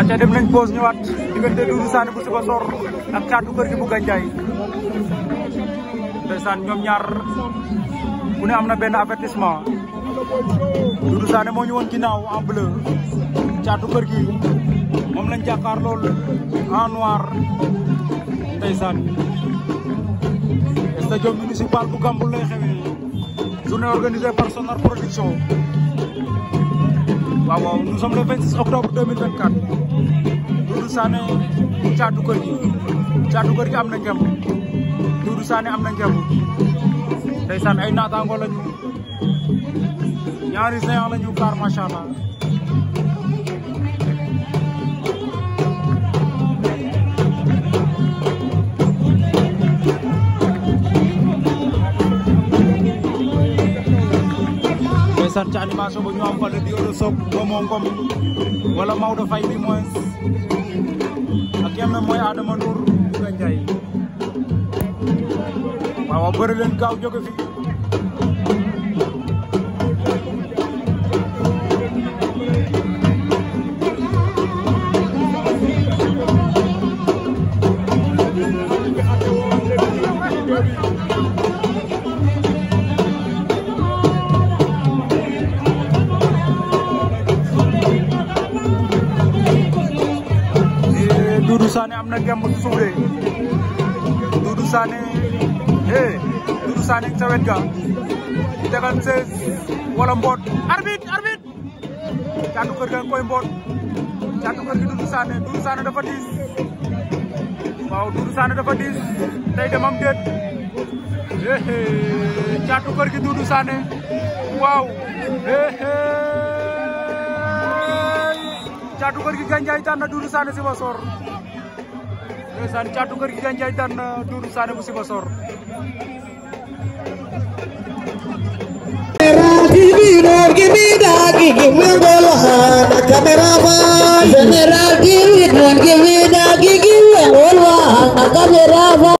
acca dem nañ pause ñëwaat diggante Doudou Sané bu Sibassor ak Thiatou Keur Gui bu Gandiaye ndeysaan ñoom ñaar ku ne am na benn avertissement Doudou Sané moo ñu woon ginnaaw en bleu Thiatou Keur Gui moom lañ jàkkaar lool en noir ndeysaan stade municipal bu Gamboul lay xewee journée organisée par Production waaw waaw nous sommes le 26 octobre 2024 Doudou Sané caatu kër gi caatu kër gi am na ngemb Doudou Sané am na ngemb ndeysaan ay naataango lañu ñaari séant ñu kaar macha allah ndeysaan ci animation ba ñu am fa le duo de Sokh Momo Ngom wala Maodo Faye bi moins ak yem mooy Adama Ndour Ndiaye Ndiaye waaw bëri leen gaaw jóge fi Doudou Sané am na ngemb su suufee Doudou Sané eh Doudou ga tegal sees wala mboot arbitre arbitre caatu kër ga koy mboot caatu kër gi Doudou Sané Doudou Sané dafa diis waaw Doudou Sané dafa diis tey demam déet eh caatu kër gi Doudou Sané waaw eh caatu kër gi Gandiaye tànn na Doudou Sané Sibassor Dari Caduker Gijan Jahitan Durusana Musim Bosor. Kamera